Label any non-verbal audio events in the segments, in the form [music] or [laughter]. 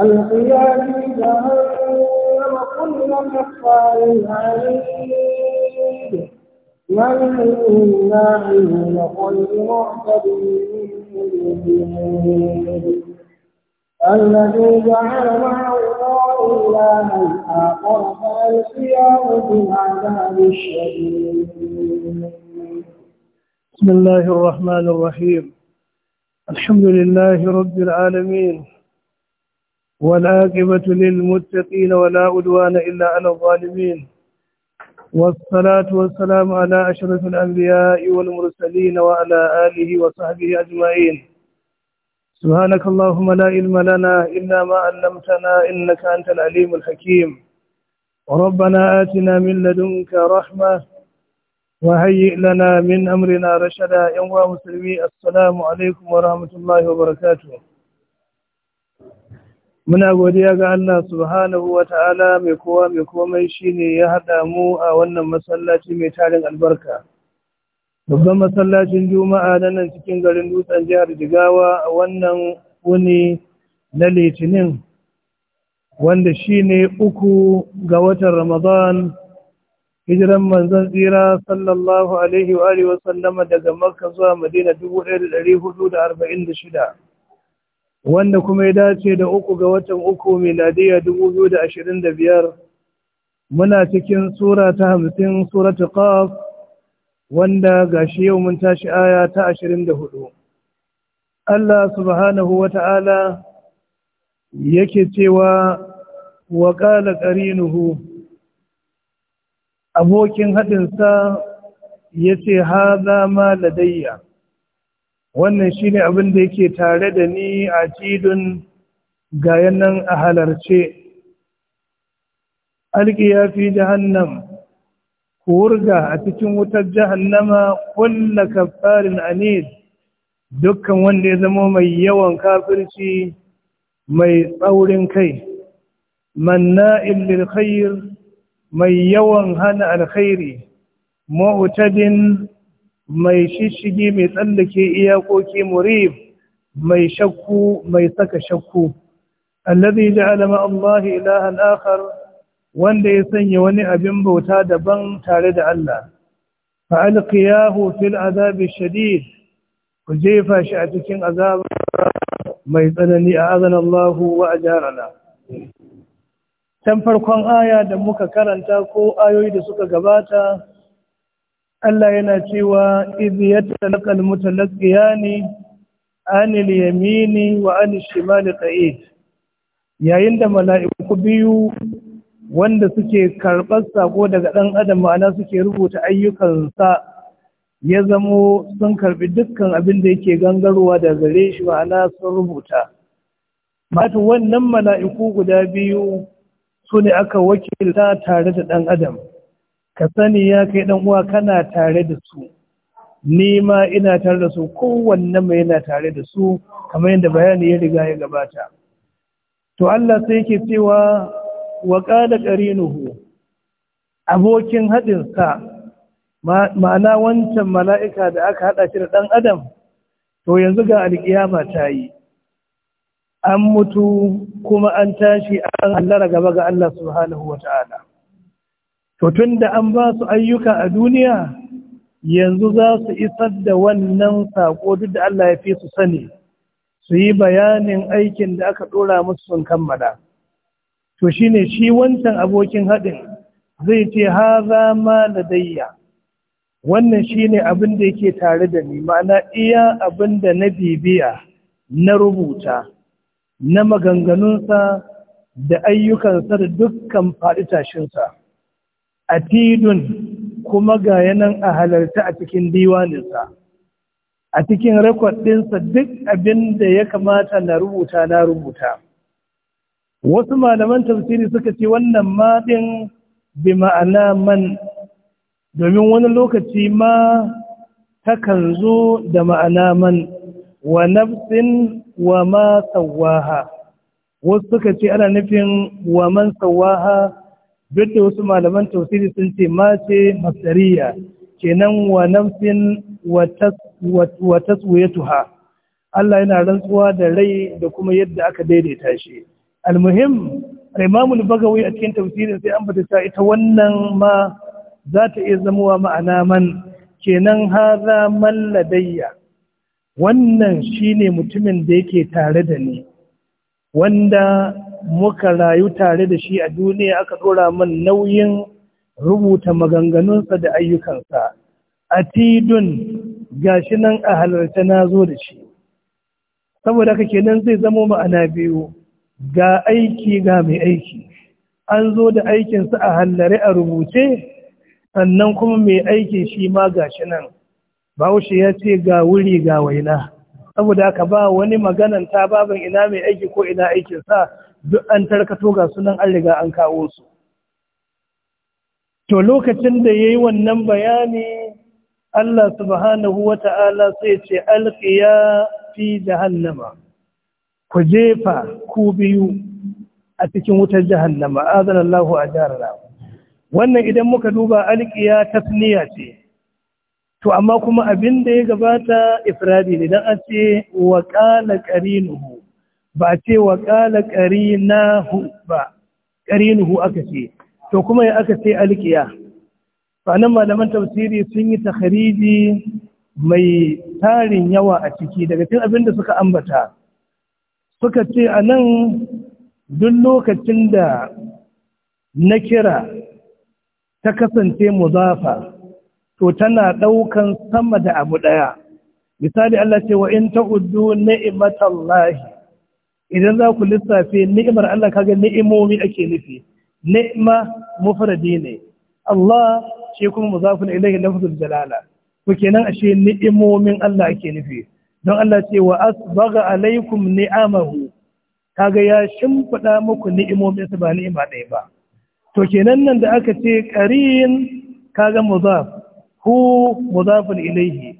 ألقيا في جهنم كل كفار عنيد مناع لكل معتد الذي جعل مع الله إلها آخر فألقياه في العذاب الشديد بسم الله الرحمن الرحيم الحمد لله رب العالمين والعاقبة للمتقين ولا أدوان إلا على الظالمين والصلاة والسلام على أشرف الأنبياء والمرسلين وعلى آله وصحبه أجمعين سبحانك اللهم لا علم لنا إلا ما علمتنا إنك أنت العليم الحكيم ربنا آتنا من لدنك رحمة وهيئ لنا rashada. Yan uwa, Musulmi. مسلمي السلام عليكم ورحمة الله وبركاته muna godiya ga Allah subhanahu ta'ala mai kowa mai komai shine ya haɗa mu a wannan masallaci mai tarin albarka babban masallacin juma'a na nan cikin garin dutsen jihar jigawa a wannan wuni na litinin wanda shine uku ga watan ramadan hijiran manzon tsira sallallahu alaihi wa alihi wa daga makka zuwa madina 1446 wanda kuma ya dace da uku ga watan uku miladiya 2025 muna cikin sura ta hamsin ta qaf wanda gashi yau mun tashi aya ta 24 Allah subhanahu wa ta'ala yake cewa wa ƙala ƙarinuhu.' abokin haɗinsa ya ce haza ma ladayya wannan shi ne abin da yake tare da ni a cidun gayan nan a halarce alƙiya fi jahannam ku wurga a cikin wutar jahannama kulla kafarin anis, dukkan wanda ya zama mai yawan kafirci mai tsaurin kai Manna lil khair mai yawan hana alkhairi mu'tadin mai shishigi mai tsallake iyakoki murib mai shakku mai saka shakku alladhi ja'ala ma Allah ilahan akhar wanda ya sanya wani abin bauta daban tare da Allah fa alqiyahu fil azabi shadid ku jefa shi a cikin azaba mai tsanani a azan Allahu wa ajarana dan farkon aya da muka karanta ko ayoyi da suka gabata Allah yana cewa idh yatalaqal mutalaqiyani anil yamini wa anil shimali qa'id yayin da mala'iku biyu wanda suke karɓar sako daga ɗan adam ma'ana suke rubuta ayyukansa ya zamo sun karɓi dukkan abin da yake gangarwa da gare shi ma'ana sun rubuta mata wannan mala'iku guda biyu su ne aka wakilta tare da ɗan adam ka sani ya kai ɗan uwa kana tare da su ni ma ina tare da su kowanne mai yana tare da su kamar yadda bayani ya riga ya gabata to Allah sai yake cewa wa qala qarinuhu abokin hadin sa ma'ana wancan mala'ika da aka hada shi da ɗan adam to yanzu ga alkiyama ta yi an mutu kuma an tashi an hallara gaba ga Allah subhanahu wa ta'ala. To tun da an ba su ayyuka a duniya yanzu za su isar da wannan saƙo duk da Allah ya fi su sani su yi bayanin aikin da aka ɗora musu sun kammala. To shi ne shi wancan abokin haɗin zai ce ha za ma Wannan shi ne abin da yake tare da ni ma'ana iya abin da na bibiya na rubuta. na maganganunsa da ayyukansa da dukkan faɗi tashinsa a tidun kuma ga yanan a halarta a cikin diwaninsa a cikin rekod duk abin da ya kamata na rubuta na rubuta wasu malaman tafsiri suka ce wannan maɗin bi ma'ana man domin wani lokaci ma takan zo da ma'ana man wa nafsin wa ma sawaha wasu suka ce ana nufin wa man sawaha duk da wasu malaman tausiri sun ce ma ce masariya kenan wa nafsin wa taswiyatuha Allah yana rantsuwa da rai da kuma yadda aka daidaita shi almuhim al al-bagawi a cikin tafsirin sai an bata ta ita wannan ma za ta iya zamowa ma'ana man kenan haza man ladayya wannan shine mutumin da yake tare da ni wanda muka rayu tare da shi a duniya aka dora min nauyin rubuta maganganunsa da ayyukansa A ga gashi nan a halarta na zo da shi saboda haka kenan zai zama ma'ana biyu ga aiki ga mai aiki an zo da aikinsa a hallare a rubuce sannan kuma mai aiki shi ma gashi nan bahaushe ya ce ga wuri ga waina saboda haka ba wani maganan ta baban ina mai aiki ko ina aikin sa duk an tarkato ga sunan an riga an kawo su to lokacin da yayi wannan bayani Allah subhanahu Ta'ala, sai ce alqiya fi jahannama ku jefa ku biyu a cikin wutar jahannama azanallahu ajarana wannan idan muka duba alƙiya tasniya ce to amma kuma abin da ya gabata ifradi ne dan ace wa qala qarinuhu ba ce wa qala qarinahu ba qarinuhu aka ce to kuma ya aka ce alqiya fa nan malaman tafsiri sun yi takhriji mai tarin yawa a ciki daga cikin abin da suka ambata suka ce a nan duk lokacin da na kira ta kasance muzafa to tana ɗaukan sama da abu ɗaya misali Allah ce wa in ta uddu ni'matallahi idan za ku lissafe ni'imar Allah kaga ni'imomi ake nufi ni'ma mufradi ne Allah shi kuma muzafin ilahi lafzul jalala to kenan ashe ni'imomin Allah ake nufi don Allah ce wa asbagha alaikum ni'amahu kaga ya shimfida muku ni'imomin sa ba ni'ima ɗaya ba to kenan nan da aka ce qarin kaga muzaf hu mudafin ilaihi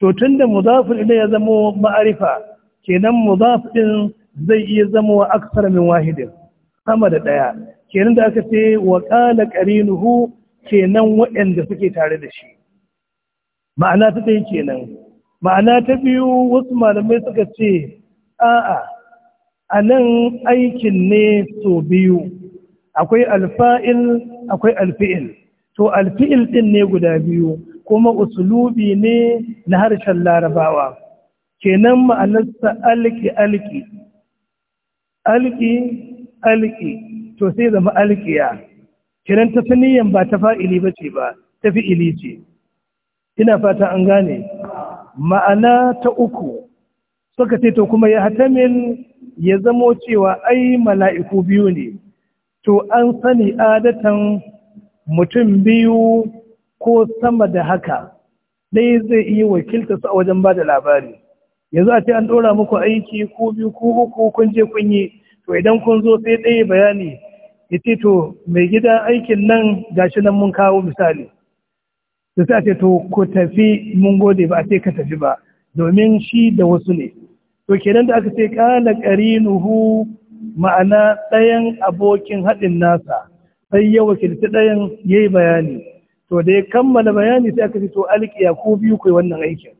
to tunda mudafin ilaihi ya zama ma'arifa kenan muzafin zai iya zama wa aksar min wahidin sama da daya kenan da aka ce wa qala qarinuhu kenan waɗanda suke tare da shi ma'ana ta ɗaya kenan ma'ana ta biyu wasu malamai suka ce a'a a nan aikin ne so biyu akwai alfa'il akwai alfi'il to alfi'il ɗin ne guda biyu kuma usulubi ne na harshen larabawa kenan ma'anarsa alki alki alki alki to sai zama alkiya kenan ta saniyan ba ta fa'ili ba ce ba ta fi'ili ce ina fata an gane ma'ana ta uku suka ce to kuma ya hatamin ya zamo cewa ai mala'iku biyu ne to an sani adatan mutum biyu ko sama da haka dai zai yi wakilta su a wajen ba da labari yanzu a ce an ɗora muku aiki ko biyu ko uku kun je kun yi to idan kun zo sai ɗaya bayani ya ce to mai gida aikin nan gashi nan mun kawo misali ya sa a ce to ku tafi mun gode ba a ce ka tafi ba domin shi da wasu ne to kenan da aka ce kala qarinuhu ma'ana ɗayan abokin haɗin nasa sai ya wakilci ɗayan ya yi bayani to da ya kammala bayani sai aka fito alƙiya ko biyu kai wannan aikin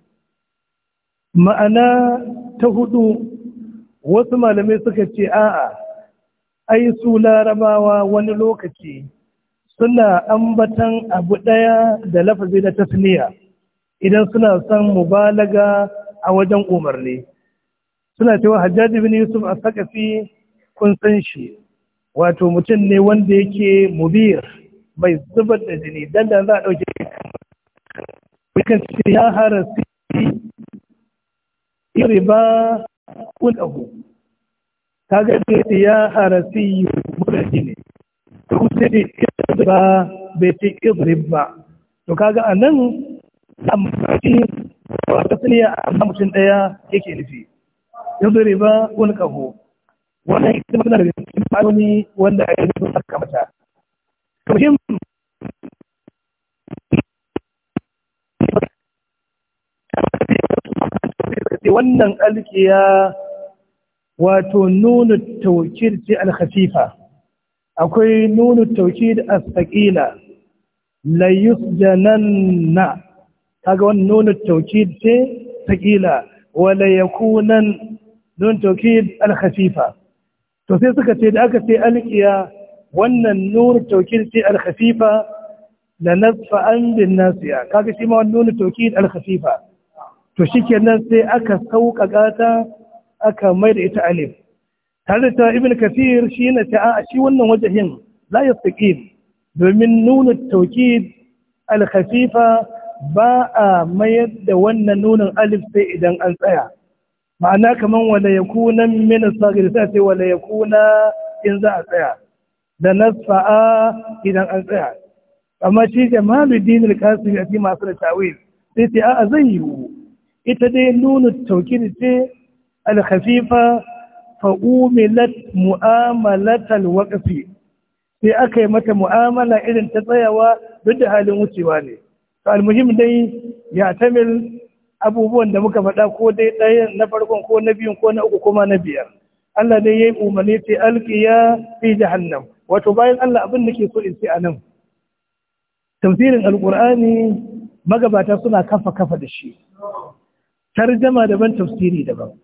ma'ana ta hudu wasu malamai suka ce a'a ai su larabawa wani lokaci suna ambatan abu ɗaya da lafazi na tasniya idan suna son mubalaga a wajen umarni suna cewa hajjaji bin yusuf a sakafi kun san shi wato mutum ne wanda yake mubir mai zubar da jini dan da za a ɗauke kan ce ya harasi riba kulahu kaga ce ya hara harasi muradi jini. to sai ne ba bai ce ba. to kaga anan amfani kasar ya a mutum ɗaya yake nufi yanzu riba kahu. wannan ita magana da aloni wanda ya yi saka mata muhim wannan alkiya wato nuna taukir ce al alhafifa akwai nuna taukir astakila la yusjananna kaga wannan nuna taukir ce sakila wala yakunan nuna taukir alhafifa to sai suka ce da aka ce alƙiya wannan nur taukid ce alkhafifa la nasfa an bin nasiya kaga shi ma wannan nur taukid alkhafifa to shikenan sai aka sauƙaƙa ta aka mai da ita alif tare da ibn kathir shi na ta a shi wannan wajahin la yastaqim domin nuna taukid alhafifa ba a mayar da wannan nunin alif sai idan an tsaya ma'ana kaman wala yakuna min as-sagir sai ce wala yakuna in za a tsaya da nasfa'a idan an tsaya amma shi jamaluddin al-qasimi a cikin masu da tawil sai ce a'a zai hu ita dai nunu tawkid ce al-khafifa fa umilat mu'amalat al sai aka yi mata mu'amala irin ta tsayawa duk da halin wucewa ne to al-muhim dai ya tamil abubuwan da muka faɗa ko dai ɗayan na farkon ko na biyun ko na uku kuma na biyar Allah dai yayi umarni ce alqiya fi jahannam wato bayan Allah abin da ke so in ce anan tafsirin alqur'ani magabata suna kafa kafa da shi tarjama daban tafsiri daban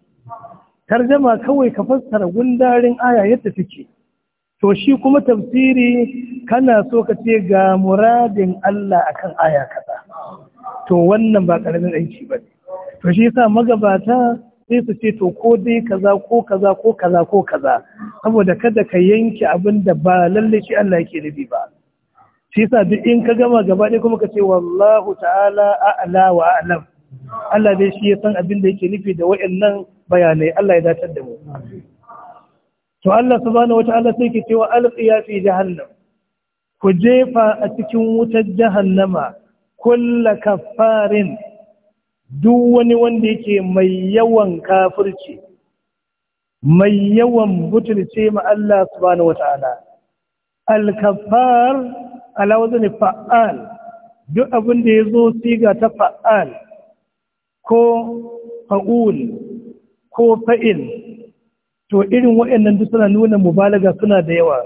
tarjama kawai ka fassara gundarin aya yadda take to shi kuma tafsiri kana so ka ce ga muradin Allah akan aya kaza to wannan ba karamin aiki ba ne to shi yasa magabata sai su ce to ko dai kaza ko kaza ko kaza ko kaza saboda kada ka yanke abin da ba lallai shi Allah yake nufi ba shi yasa duk in ka gama gaba ɗaya kuma ka ce wallahu ta'ala a'la wa a'lam Allah dai shi ya san abin da yake nufi da wa'annan bayanai Allah ya datar da mu to Allah subhanahu wata'ala sai ke cewa alqiya fi jahannam ku jefa a cikin wutar jahannama kulla kafarin duk wani wanda yake mai yawan kafirci mai yawan butulce ma Allah subhanahu wata'ala al kafar ala wazni fa'al duk abin da yazo siga ta fa'al ko fa'ul ko fa'il to irin waɗannan duk suna nuna mubalaga suna da yawa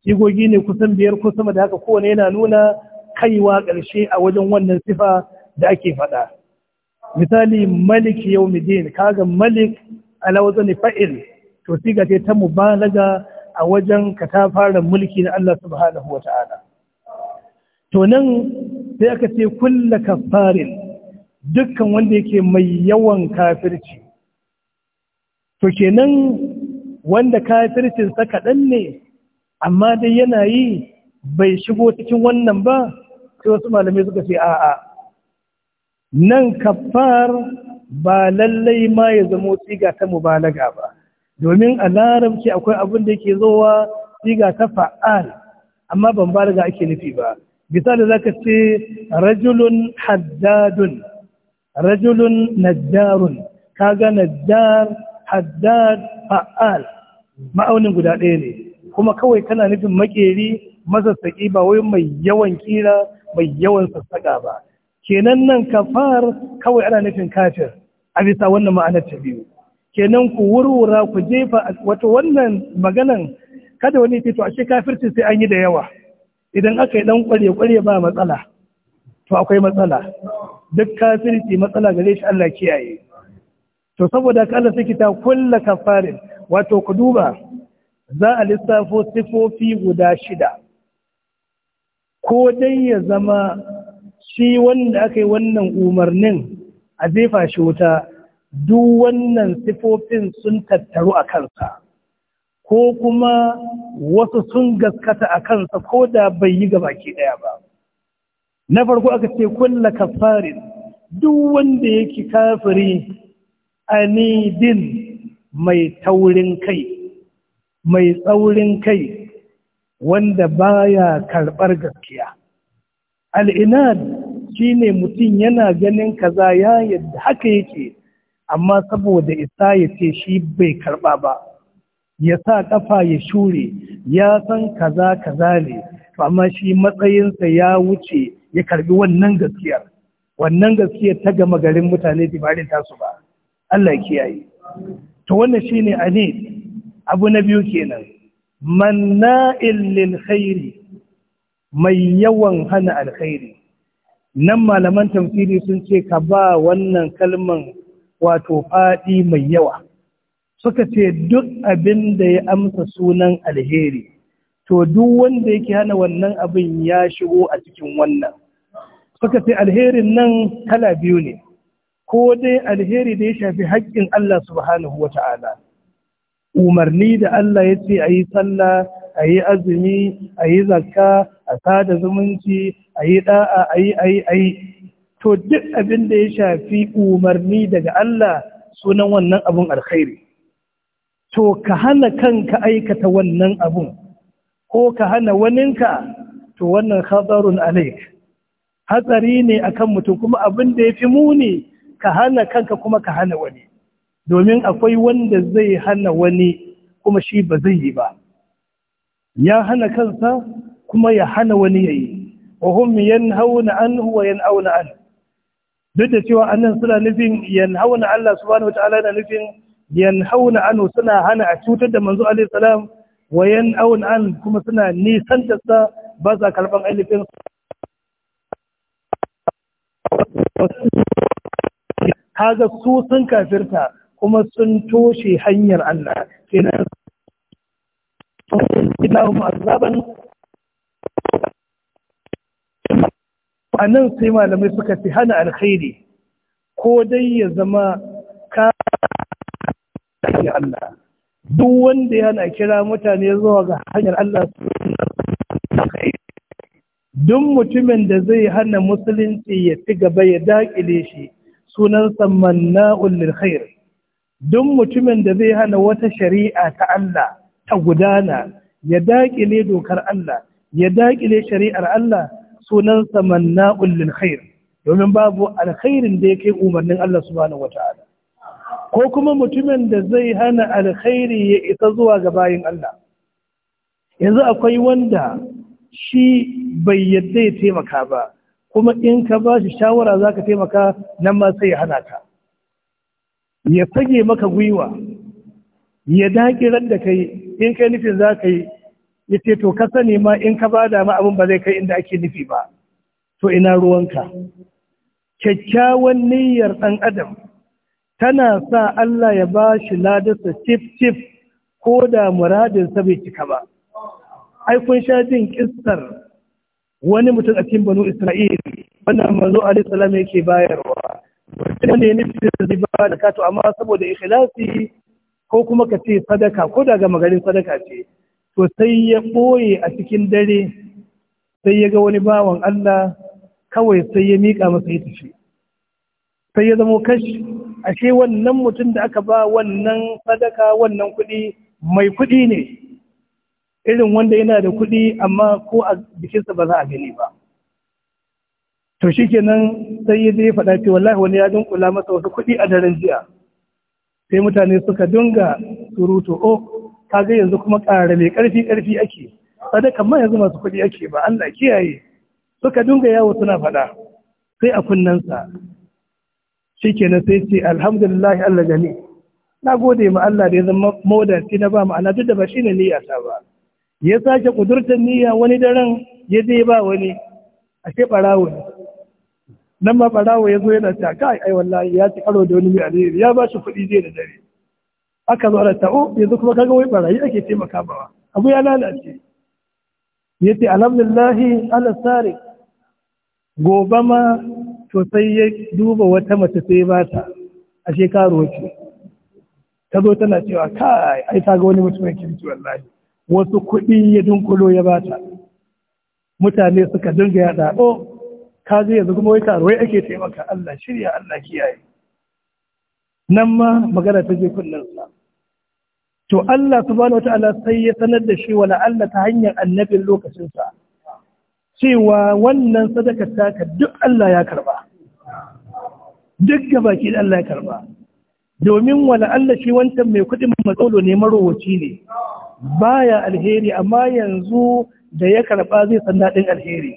sigogi ne kusan biyar ko sama da haka kowane yana nuna kaiwa ƙarshe a wajen wannan sifa da ake faɗa misali malik midin, kaga malik ala fa'il to siga ce ta mubalaga a wajen fara mulki na Allah subhanahu ta'ala to nan sai aka ce kulla kafarin dukkan wanda yake mai yawan kafirci to kenan wanda kafircinsa kaɗan ne amma dai yana yi bai shigo cikin wannan ba sai wasu malamai suka ce a'a nan kafar ba lallai ma ya zama tsiga ta mubalaga ba domin a larabci akwai abin da yake zowa tsiga ta fa'al amma ban balaga ake nufi ba za ka ce rajulun haddadun rajulun najjarun kaga najjar haddad fa'al ma'aunin guda ɗaya ne kuma kawai kana nufin makeri masassaƙi ba wai mai yawan kira Bai yawan sassaƙa ba kenan nan kafar kawai ana nufin kafir a bisa wannan ma'anar ta biyu kenan ku wurwura ku jefa wato wannan maganan kada wani fito a kafirci sai an yi da yawa idan aka yi dan kware kware ba matsala to akwai matsala duk kafirci matsala gare shi Allah kiyaye to saboda ka Allah sai ta kullu kafarin wato ku duba za a lissafo sifofi guda shida ko dai ya zama shi wanda aka yi wannan umarnin a jefa shi wuta duk wannan sifofin sun tattaru a kansa ko kuma wasu sun gaskata a kansa ko da bai yi gaba ke ɗaya ba na farko aka ce kulla kafarin duk wanda yake kafiri anidin mai taurin kai mai tsaurin kai wanda baya karɓar gaskiya al'inad shine ne mutum yana ganin kaza ya yadda haka yake amma saboda isa ya ce shi bai karɓa ba ya sa ƙafa ya shure ya san kaza kaza ne amma shi matsayinsa ya wuce ya karɓi wannan gaskiyar wannan gaskiyar ta gama garin mutane dibarin tasu ba Allah kiyaye to wannan shine ne abu na biyu kenan manna'in lil mai yawan hana alkhairi nan malaman tafsiri sun ce ka ba wannan kalman wato faɗi mai yawa suka ce duk abin da ya amsa sunan alheri to duk wanda yake hana wannan abin ya shigo a cikin wannan suka ce alherin nan kala biyu ne ko dai alheri da ya shafi haƙƙin Allah subhanahu wata'ala umarni da Allah ya ce a yi sallah a yi azumi a yi zakka a sada zumunci a yi ɗa'a a yi a yi a yi to duk abin da ya shafi umarni daga Allah sunan wannan abun alkhairi to ka hana kanka aikata wannan abun ko ka hana waninka to wannan khadarun alaik hatsari ne akan mutum kuma abin da ya fi muni ka hana kanka kuma ka hana wani domin akwai wanda zai hana wani kuma shi ba zai yi ba ya hana kansa kuma ya hana wani ya yi. wa hum yanhauna anhu wa yanauna an duk da cewa annan suna nufin yanhauna Allah subhanahu wataala na nufin yanhauna anhu suna hana a cutar da manzo alaihi salam wa yanauna an kuma suna nisan da sa ba za karban ainihin kaga su sun kafirta kuma sun toshe hanyar Allah kenan ilahum a nan sai malamai suka fi hana alkhairi ko dai ya zama ka Allah duk wanda na kira mutane zuwa ga hanyar Allah su duk mutumin da zai hana musulunci ya ci gaba ya daƙile shi sunan sammanna'ul lil khair duk mutumin da zai hana wata shari'a ta Allah ta gudana ya daƙile dokar Allah ya daƙile shari'ar Allah sunansa manna'ul lil khair domin babu alkhairin da ya kai umarnin Allah subhanahu wata'ala ko kuma mutumin da zai hana alkhairi ya isa zuwa ga bayin Allah yanzu akwai wanda shi bai yadda ya taimaka ba kuma in ka ba shi shawara za ka taimaka nan ma sai ya hana ka ya fage maka gwiwa ya ran da kai in kai nufin za ka yi ya ce to ka sani ma in ka bada ma abin ba zai kai inda ake nufi ba to ina ruwanka kyakkyawan niyyar ɗan adam tana sa Allah ya ba shi ladarsa cif cif ko da muradinsa bai cika ba Aikun kun sha jin kissar wani mutum a cikin banu Isra'il wannan manzo alaihi salam yake bayarwa wanda ya nufi da zai ba da kato amma saboda ikhlasi ko kuma ka ce sadaka ko da ga magarin sadaka ce to sai ya ɓoye a cikin dare sai ya ga wani bawan Allah kawai sai ya miƙa masa ya tafi sai ya zamo kashi ashe wannan mutum da aka ba wannan sadaka wannan kuɗi mai kuɗi ne irin wanda yana da kuɗi amma ko a bikinsa ba za a gani ba to shi kenan sai ya zai faɗa ce wallahi wani ya dunkula masa wasu kuɗi a daren jiya sai mutane suka dunga surutu o oh, ga yanzu kuma ƙara mai ƙarfi ƙarfi ake sadaka ma yanzu masu kuɗi ake ba Allah kiyaye suka dunga yawo suna faɗa sai a kunnensa shi kenan sai ce alhamdulillahi Allah gani na gode ma Allah da ya zama mawadaci na ba ma'ana duk da ba shi niyya ta ba ya sake kudurtar niyya wani daren ya je ba wani ashe ɓarawo ne nan ma barawo ya zo yana ta kai ai wallahi ya ci karo da wani mai alheri ya ba shi kuɗi je da dare aka zo ta o oh, yanzu kuma kaga wai barayi ake taimaka bawa abu ya lalace ya ce alhamdulillahi ala sare gobe ma to sai ya duba wata mace sai ba ta a shekaru wace ta zo tana cewa kai ai ta ga wani mutumin kirki wallahi wasu kuɗi ya dunkulo ya ba ta mutane suka dinga yaɗa o oh, ka zai yanzu kuma wai karuwai ake taimaka Allah shirya Allah kiyaye nan ma magana ta je kullunsa to Allah subhanahu wataala sai ya sanar da shi wala Allah ta hanyar annabin lokacinsa cewa wannan sadakar taka duk Allah ya karba duk gabaki da Allah ya karba domin wala Allah shi wancan mai kuɗin matsalo ne marowaci ne baya alheri amma yanzu da ya karba zai san daɗin alheri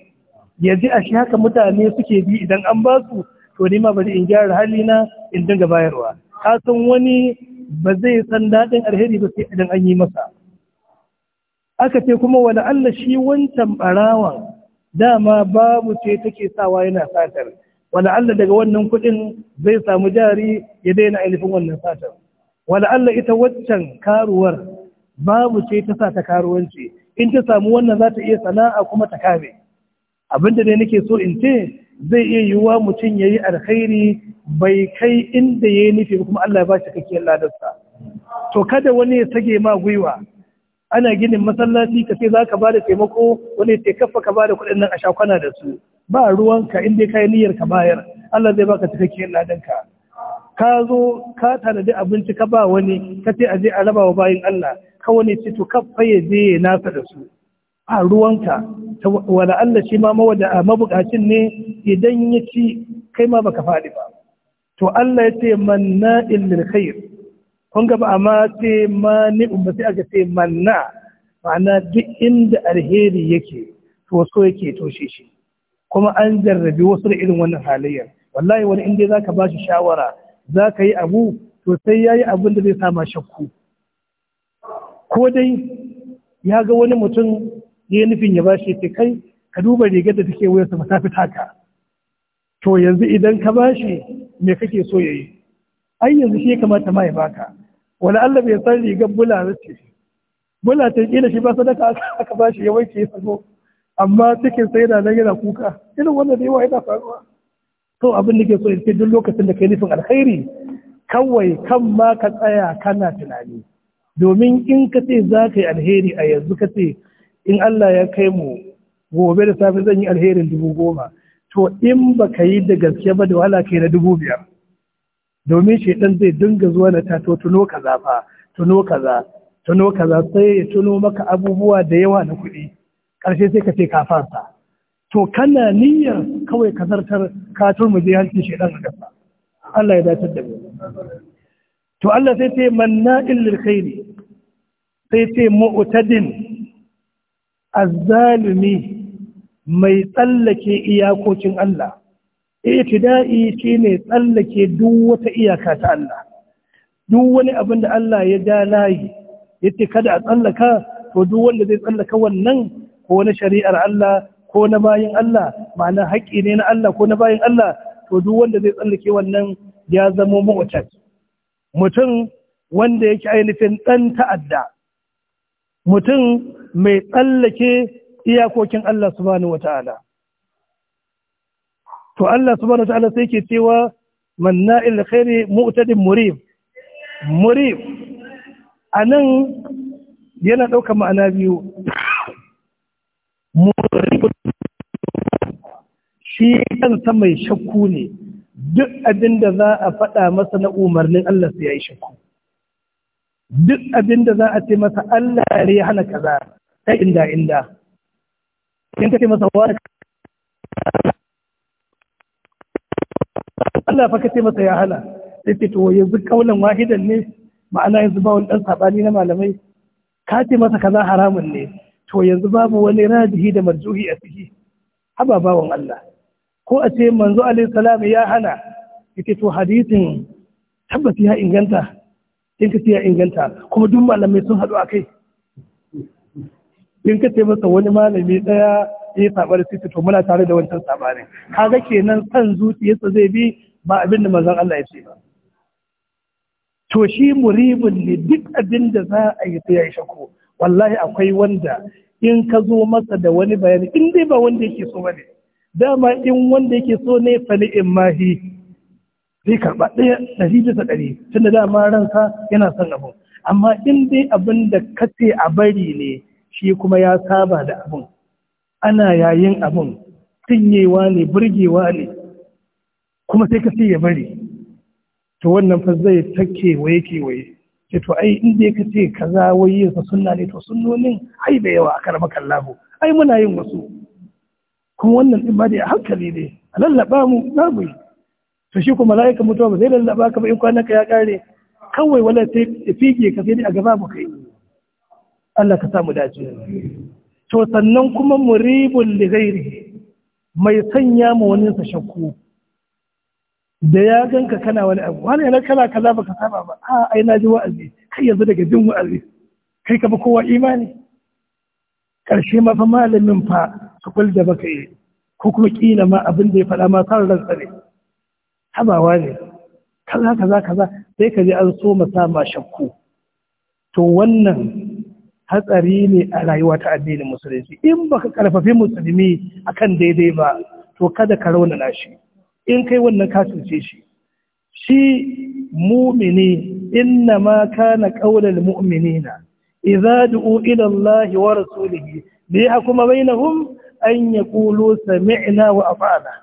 yanzu a shi haka mutane suke bi idan an ba su to ni ma bari in gyara hali na, in dinga bayarwa ka san wani ba zai san daɗin alheri ba sai idan an yi masa aka ce kuma wani Allah shi wancan ɓarawan dama babu ce take sawa yana satar wani Allah daga wannan kuɗin zai samu jari ya daina ainihin wannan satar wani Allah ita waccan karuwar babu ce ta sa ta karuwanci in ta samu wannan za ta iya sana'a kuma ta kame abinda dai nake so in ce zai iya yiwuwa mutum ya yi alkhairi bai kai inda ya yi nufi kuma Allah ya ba shi kakkiyar ladarsa to kada wani ya sage ma gwiwa ana ginin masallaci ka ce za ka ba da taimako wani ce kafa ka ba da kuɗin nan a shakwana da su ba ruwanka inda ka yi niyyar ka bayar Allah zai baka cikakkiyar ladanka ka zo ka tanadi abinci ka ba wani ka ce a je a raba wa bayin Allah ka wani ce to kafa ya je ya nasa da su a ruwanka wala Allah shi ma mabukacin ne idan ya ci kai ma baka faɗi ba to Allah ya ce manna illil khair kun ga ba amma ce mani umma sai aka ce manna ma'ana duk inda alheri yake to so yake toshe shi kuma an jarrabi wasu irin wannan halayyar wallahi wani inda za ka ba shi shawara zaka yi abu to sai yayi yi abin da zai sama shakku ko dai ya ga wani mutum ya nufin ya bashi ce kai ka duba rigar da take wuyarsa ba ta fi taka to yanzu idan ka bashi me kake so yayi ai yanzu shi ya kamata ma ya baka wala Allah bai san rigar bula ce bula ta kila shi ba sadaka aka bashi ya wanke ya sako amma cikin sai yana nan yana kuka irin wannan da yawa yana faruwa to abin da ke so ya duk lokacin da kai nufin alkhairi kawai kan ma ka tsaya kana tunani domin in ka ce za ka yi alheri a yanzu ka ce in Allah ya kai mu gobe da safe zan yi alherin dubu goma to in ba ka yi da gaske ba da wahala kai na dubu biyar domin shaidan zai dinga zuwa na tato tuno kaza fa tuno kaza tuno kaza sai ya tuno maka abubuwa da yawa na kuɗi ƙarshe sai ka ce ka fasa to kana niyyar kawai ka zartar ka turmuje shaidan a ƙasa Allah ya dace da mu to Allah sai ce manna'il lil khairi sai ce mu'tadin azzalumi mai tsallake iyakokin Allah itida'i shine tsallake duk wata iyaka ta Allah duk wani abin da Allah ya ja layi yace kada a tsallaka to duk wanda zai tsallaka wannan ko na shari'ar Allah ko na bayin Allah ma'ana haƙƙi ne na Allah ko na bayin Allah to duk wanda zai tsallake wannan ya zama mu'tad mutum wanda yake ainihin dan ta'adda mutum mai tsallake iyakokin Allah subhanahu wata'ala to Allah subhanahu wata'ala sai ke cewa manna'il khairi mu'tadin murib murib anan yana ɗauka ma'ana biyu shi kansa mai shakku ne duk abin da za a faɗa masa na umarnin Allah sai ya yi shakku duk abin da za a ce masa Allah ya hana kaza ta inda inda in kace masa wa Allah fa kace masa ya hala sai to yanzu kaulan wahidan ne ma'ana yanzu ba wani dan sabani na malamai ka ce masa kaza haramun ne to yanzu babu wani radihi da marjuhi a ciki haba bawon Allah ko a ce manzo alaihi salam ya hana yake to hadisin tabbas ya inganta in kace ya inganta kuma duk malamai sun haɗu a kai in ka taimaka masa wani malami ɗaya ya saba da sisi to muna tare da wancan Ka kaga kenan san zuciyarsa zai bi ba abin da manzon Allah ya ce ba to shi muribun ne duk abin da za a yi sai ya yi shakku wallahi akwai wanda in ka zo masa da wani bayani in dai ba wanda yake so bane dama in wanda yake so ne fa in mahi zai karba ɗaya ɗari bisa ɗari tunda dama ransa yana son abu amma in dai abin da ka ce a bari ne shi kuma ya saba da abun ana yayin abun tinyewa ne burgewa ne kuma sai ka ya bari to wannan fa zai ta kewaye kewaye ce to ai inda dai ka ce kaza wai yin sa sunna ne to sunnonin ai da yawa akar maka Allahu ai muna yin wasu kuma wannan din ba da hankali ne lallaba mu na mu to shi kuma malaika mutuwa ba zai lallaba ka ba in kwanaka ya kare kawai wala sai fige ka sai a gaba mu kai Allah ka samu dace to sannan kuma muribul ghairi mai sanya ma wani sa shakku da ya ganka kana wani abu wani yana kana kaza baka saba ba a ah, ai na ji wa'azi kai yanzu daga jin wa'azi kai ka ba kowa imani karshe ma fa malamin fa tukul da baka yi ko kuma kila ma abin da ya faɗa ma san ran tsare. habawa ne kaza kaza kaza sai ka je an so ma sa ma shakku to wannan hatsari ne a rayuwa ta addinin musulunci in baka karfafi musulmi akan daidai ba to kada ka raunana shi in kai wannan kasance shi shi mumini inna ma kana qaulal mu'minina idza du'u ila Allah wa rasulihi li yahkuma bainahum an yaqulu sami'na wa ata'na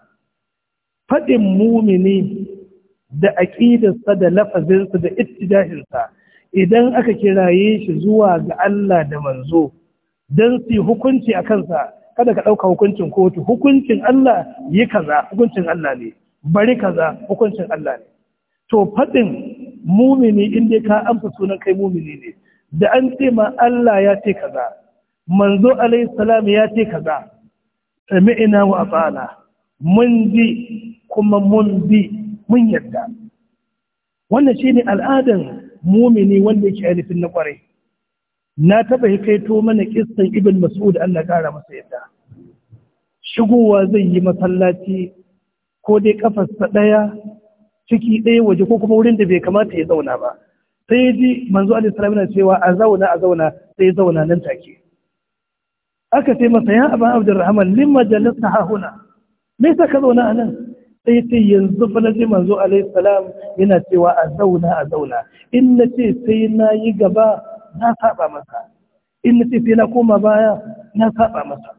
Faɗin mumini da aqidarsa da lafazinsa da jahinsa. idan aka kiraye shi zuwa ga Allah da manzo don su hukunci a kansa kada ka ɗauka hukuncin kotu hukuncin Allah yi kaza hukuncin Allah ne bari kaza hukuncin Allah ne to faɗin mumini inda dai ka amsa sunan kai mumini ne da an ce ma Allah ya ce kaza manzo alaihi salam ya ce kaza sami'na wa afala mun ji kuma mun bi mun yadda wannan shine al'adan mumini wanda yake ainihin na kwarai na taba kaito mana kistan ibn mas'ud Allah kara masa yadda shigowa zai yi masallaci ko dai kafarsa daya ciki ɗaya waje ko kuma wurin da bai kamata ya zauna ba sai ji manzo Ali salam na cewa a zauna a zauna sai zauna nan take aka ce masa ya abu abdurrahman limma jalasta huna. me yasa ka zauna anan sai ce yanzu fa ji manzo alaihi salam yana cewa a zauna a zauna in na ce sai na yi gaba na saba masa in na ce sai na koma baya na saba masa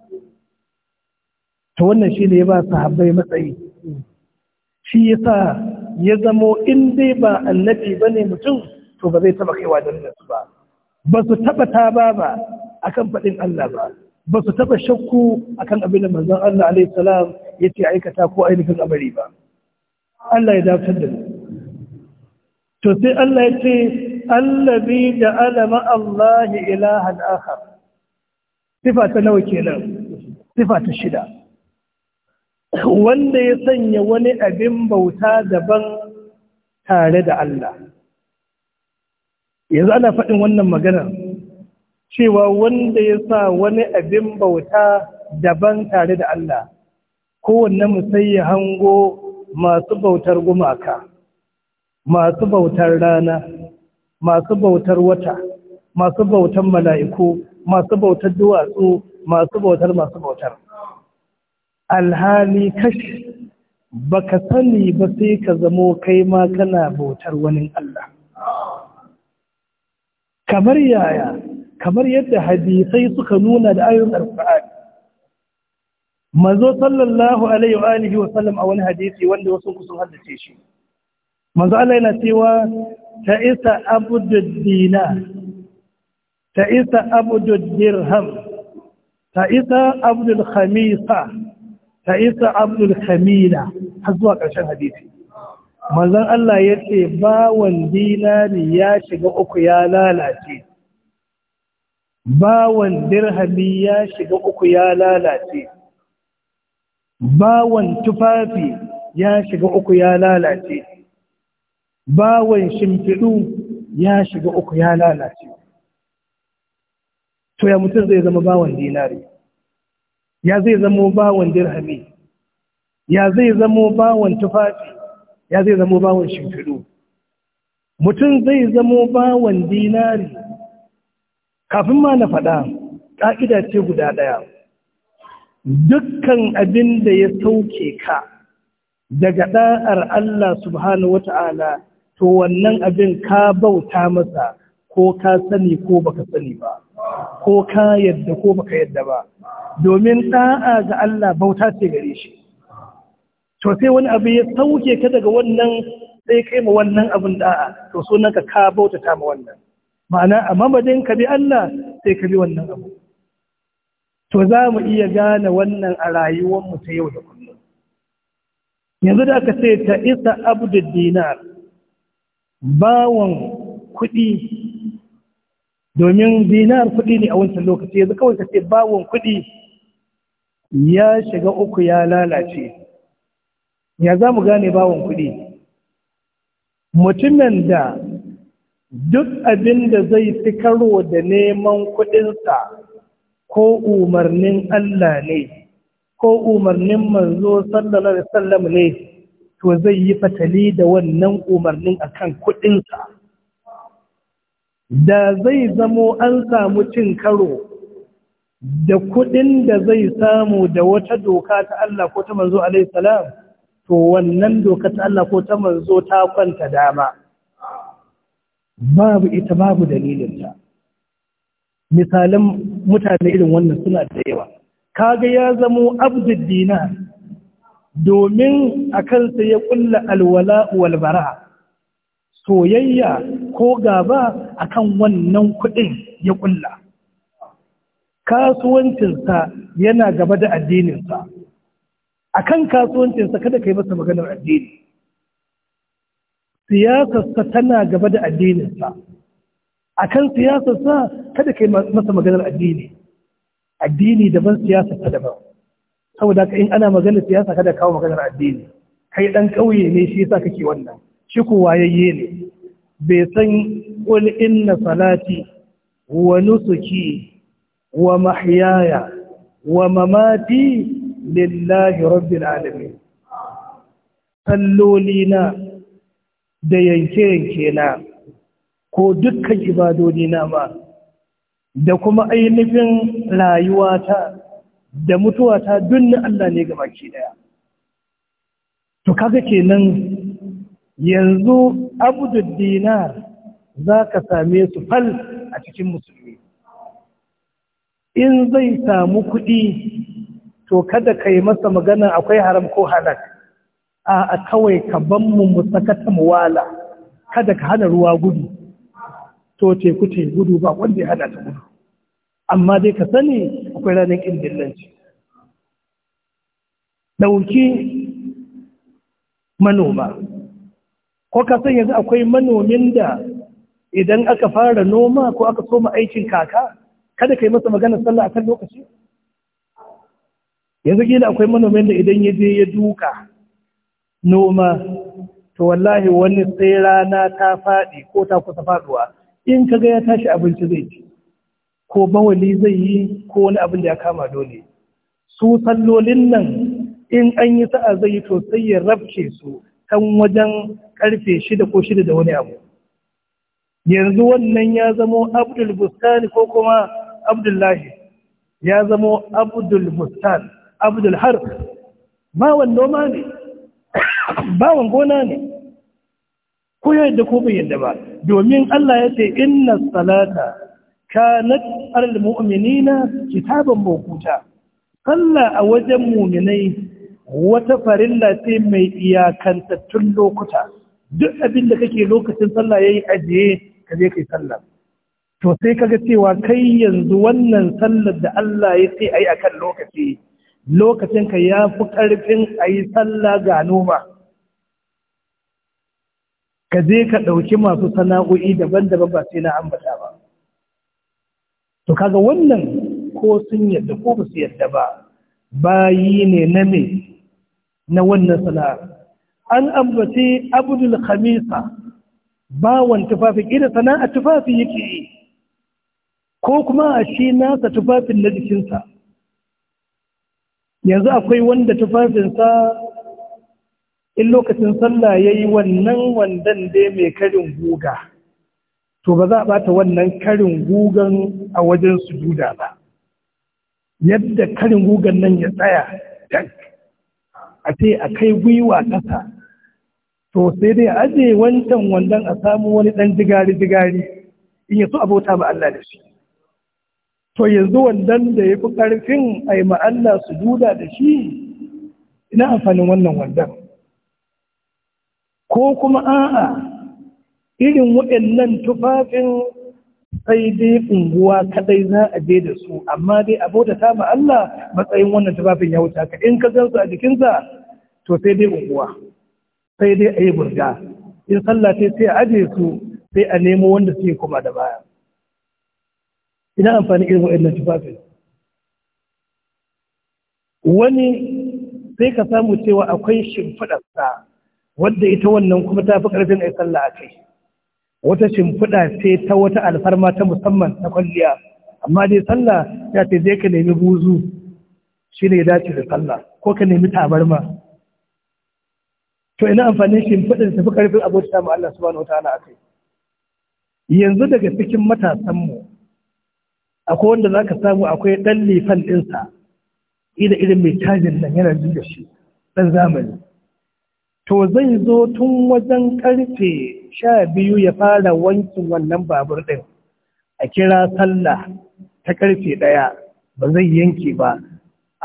ta wannan shi ne ya ba sahabbai matsayi shi ya sa ya zamo in dai ba annabi ba ne mutum to ba zai taba kaiwa da su ba ba su taba ta ba ba akan faɗin Allah ba ba su taba shakku akan abin da manzon Allah alaihi salam ce aikata ko ainihin amari ba Allah ya dafin da to sai Allah ya ce bi da alama Allah ilahan akhar sifa ta nawa kenan sifa ta shida wanda ya sanya wani abin bauta daban tare da Allah yanzu ana faɗin wannan magana cewa wanda ya sa wani abin bauta daban tare da Allah kowanne mu hango masu bautar gumaka masu bautar rana masu bautar wata masu bautar mala'iku masu bautar duwatsu masu bautar masu bautar alhali kashi baka sani ba sai ka zamo kai ma kana bautar wani Allah kamar yaya kamar yadda hadisai suka nuna da Al-Qur'ani. manzo sallallahu alaihi wa alihi wa sallam a wani hadisi wanda wasu ku sun haddace shi manzo Allah yana cewa ta isa abudud dinar ta isa abudud dirham ta isa abudul khamisa ta isa abudul khamila har zuwa ƙarshen hadisi manzon Allah ya ce bawan dinari ya shiga uku ya lalace bawan dirhami ya shiga uku ya lalace bawan tufafi ya shiga uku ya lalace bawan shimfiɗu ya shiga uku ya lalace to ya mutum zai zama bawan dinari ya zai zama bawan dirhami ya zai zama bawan tufafi ya zai zama bawan shimfiɗu mutum zai zama bawan dinari kafin ma na faɗa ƙa'ida ce guda ɗaya dukkan abin da ya sauke ka daga ɗa'ar Allah subhanahu wata'ala to wannan abin ka bauta masa ko ka sani ko baka sani ba ko ka yadda ko baka yadda ba domin ɗa'a ga Allah bauta ce gare shi to sai wani abu ya sauke ka daga wannan sai kai ma wannan abin da'a to sunan ka ka bauta ta ma wannan ma'ana a mamadin ka bi Allah sai ka bi wannan abu to za mu iya gane wannan a rayuwarmu ta yau da kullum yanzu da aka ce ta isa abdul dinar bawan kuɗi domin dinar kuɗi ne a wancan lokaci yanzu kawai ka ce bawon kuɗi ya shiga uku ya lalace ya za mu gane bawon kuɗi mutumin da duk abin da zai fi karo da neman kuɗinsa ko umarnin Allah ne ko umarnin manzo sallallahu alaihi wasallam ne to zai yi fatali da wannan umarnin akan kuɗinsa. da zai zamo an samu cin karo da kuɗin da zai samu da wata doka ta Allah ko ta manzo alaihi salam to wannan doka ta Allah ko ta manzo ta kwanta dama babu ita babu dalilinta misalan mutane irin wannan suna da yawa kaga ya zamo abdul dinar domin a kansa ya ƙulla alwala walbara soyayya ko gaba akan wannan kuɗin ya ƙulla. kasuwancinsa yana gaba da addininsa A kan kasuwancinsa kada ka yi masa maganar addini siyasarsa tana gaba da addininsa a kan siyasarsa kada ka masa maganar addini addini daban siyasarsa daban saboda ka in ana maganar siyasa kada kawo maganar addini kai dan ƙauye ne shi yasa kake wannan shi ko wayayye ne bai san qul inna salati wa nusuki wa mahyaya wa mamati lillahi rabbil alamin sallolina da yanke yanke na ko dukkan ibadodi na ma da kuma ainihin rayuwata da mutuwata dunnin Allah ne gaba ke daya to kaga kenan yanzu abudud dinar za ka same su fal a cikin musulmi in zai samu kuɗi to kada ka yi masa magana akwai haram ko halak a kawai ka ban mu musakata muwala kada ka hana ruwa gudu to teku te gudu ba wanda ya hada ta gudu amma dai ka sani akwai ranar ƙin ɗauki manoma ko ka san yanzu akwai manomin da idan aka fara noma ko aka soma aikin kaka kada ka yi masa magana sallah a kan lokaci yanzu gina akwai manomin da idan ya je ya duka noma to wallahi wani sai rana ta faɗi ko ta kusa faɗuwa in ka ga ya tashi abinci zai ci ko bawali zai yi ko wani abin da ya kama dole su sallolin nan in an yi sa'a zai yi to sai ya rabce su kan wajen karfe shida ko shida da wani abu yanzu wannan ya zamo abdul bustani ko kuma abdullahi ya zamo abdul bustan abdul har bawan noma ne [coughs] bawan gona ne ko da ko bai yadda ba domin Allah ya ce inna salata kanat alal mu'minina kitaban mawquta sallah a wajen mu'minai wata farilla ce mai iyakantattun lokuta duk abin da kake lokacin sallah yayi ajiye ka je kai sallah to sai kaga cewa kai yanzu wannan sallar da Allah ya ce ayi akan lokaci lokacin ka ya fi karfin ayi sallah ga noma ka je ka ɗauki masu sana'o'i daban-daban ba sai na ambata ba to kaga wannan ko sun yadda ko ba su yadda ba bayi ne na me na wannan sana'ar an ambaci abdul khamisa bawan tufafi ƙira sana'a tufafi yake yi ko kuma a shi nasa tufafin na jikinsa yanzu akwai wanda tufafinsa in lokacin sallah ya yi wannan wandan dai mai karin guga to ba za a bata wannan karin gugan a wajen sujuda ba yadda karin gugan nan ya tsaya a ce a kai gwiwa ƙasa to sai dai aje wancan wandan a samu wani ɗan jigari-jigari in so abota ba Allah da shi to yanzu wandan da ya fi ƙarfin a yi ma'alla sujuda da shi ina amfanin wannan wandan ko kuma a'a irin waɗannan tufafin sai dai unguwa kadai za a je da su amma dai abota ta ma Allah matsayin wannan tufafin ya wuce ka in ka gansu a jikinsa to sai dai unguwa sai dai a yi burga in sallah ce sai a aje su sai a nemo wanda suke kuma da baya ina amfani irin waɗannan tufafin wani sai ka samu cewa akwai shimfiɗarsa wadda ita wannan kuma ta fi ƙarfin a sallah a kai wata shimfiɗa ce ta wata alfarma ta musamman ta kwalliya amma dai sallah ya ce zai ka nemi buzu shi ne dace da sallah ko ka nemi tabarma to ina amfanin shimfiɗin tafi ƙarfin abota mu Allah subhanahu wa ta'ala akai yanzu daga cikin matasanmu akwai wanda za ka samu akwai ɗan lifan ɗinsa ida irin mai cajin nan yana jin da shi ɗan zamani to zai zo tun wajen karfe sha biyu ya fara wankin wannan babur ɗin a kira sallah ta karfe ɗaya ba zai yanke ba